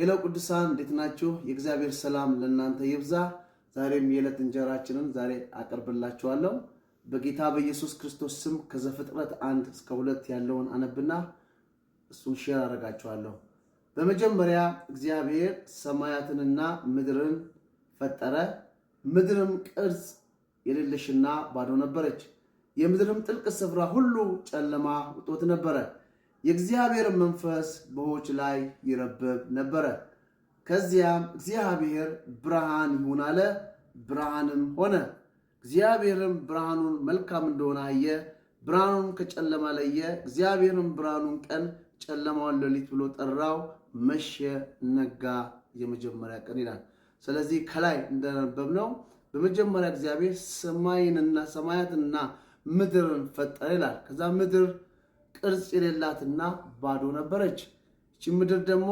ሄለው ቅዱሳን እንዴት ናችሁ? የእግዚአብሔር ሰላም ለእናንተ ይብዛ። ዛሬም የዕለት እንጀራችንን ዛሬ አቀርብላችኋለሁ። በጌታ በኢየሱስ ክርስቶስ ስም ከዘፍጥረት አንድ እስከ ሁለት ያለውን አነብና እሱን ሼር አረጋችኋለሁ። በመጀመሪያ እግዚአብሔር ሰማያትንና ምድርን ፈጠረ። ምድርም ቅርጽ የሌለሽና ባዶ ነበረች። የምድርም ጥልቅ ስፍራ ሁሉ ጨለማ ውጦት ነበረ። የእግዚአብሔር መንፈስ በውኆች ላይ ይረብብ ነበረ። ከዚያም እግዚአብሔር ብርሃን ይሁን አለ፣ ብርሃንም ሆነ። እግዚአብሔርም ብርሃኑን መልካም እንደሆነ አየ፣ ብርሃኑን ከጨለማ ለየ። እግዚአብሔርም ብርሃኑን ቀን ጨለማውን ሌሊት ብሎ ጠራው፣ መሸ፣ ነጋ፣ የመጀመሪያ ቀን ይላል። ስለዚህ ከላይ እንደነበብነው በመጀመሪያ እግዚአብሔር ሰማይንና ሰማያትና ምድርን ፈጠረ ይላል። ከዛ ምድር ቅርጽ የሌላትና ባዶ ነበረች፣ ይቺ ምድር ደግሞ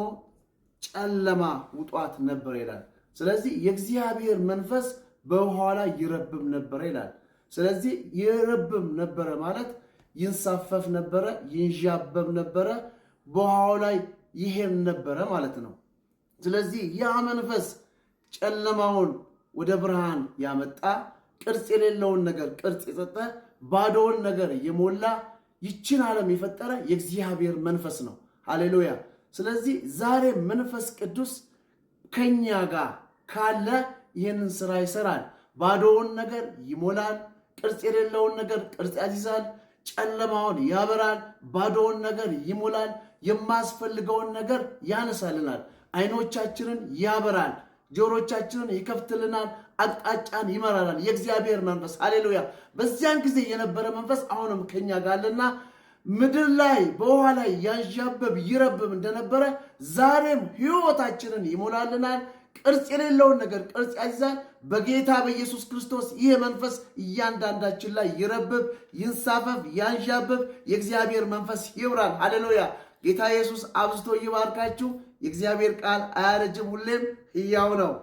ጨለማ ውጧት ነበር ይላል። ስለዚህ የእግዚአብሔር መንፈስ በውሃዋ ላይ ይረብብ ነበረ ይላል። ስለዚህ ይረብብ ነበረ ማለት ይንሳፈፍ ነበረ፣ ይንዣበብ ነበረ፣ በውሃው ላይ ይሄም ነበረ ማለት ነው። ስለዚህ ያ መንፈስ ጨለማውን ወደ ብርሃን ያመጣ ቅርጽ የሌለውን ነገር ቅርጽ የሰጠ ባዶውን ነገር የሞላ ይችን ዓለም የፈጠረ የእግዚአብሔር መንፈስ ነው። ሃሌሉያ። ስለዚህ ዛሬ መንፈስ ቅዱስ ከኛ ጋር ካለ ይህንን ስራ ይሰራል። ባዶውን ነገር ይሞላል። ቅርጽ የሌለውን ነገር ቅርጽ ያዚዛል ጨለማውን ያበራል። ባዶውን ነገር ይሞላል። የማስፈልገውን ነገር ያነሳልናል። አይኖቻችንን ያበራል። ጆሮቻችንን ይከፍትልናል፣ አቅጣጫን ይመራናል። የእግዚአብሔር መንፈስ ሃሌሉያ! በዚያን ጊዜ የነበረ መንፈስ አሁንም ከኛ ጋለና ምድር ላይ በውሃ ላይ ያንዣበብ ይረብብ እንደነበረ ዛሬም ህይወታችንን ይሞላልናል። ቅርጽ የሌለውን ነገር ቅርጽ ያይዛል። በጌታ በኢየሱስ ክርስቶስ ይህ መንፈስ እያንዳንዳችን ላይ ይረብብ፣ ይንሳፈፍ፣ ያንዣብብ። የእግዚአብሔር መንፈስ ይብራል። ሃሌሉያ ጌታ ኢየሱስ አብዝቶ ይባርካችሁ። የእግዚአብሔር ቃል አያረጅም፣ ሁሌም ሕያው ነው።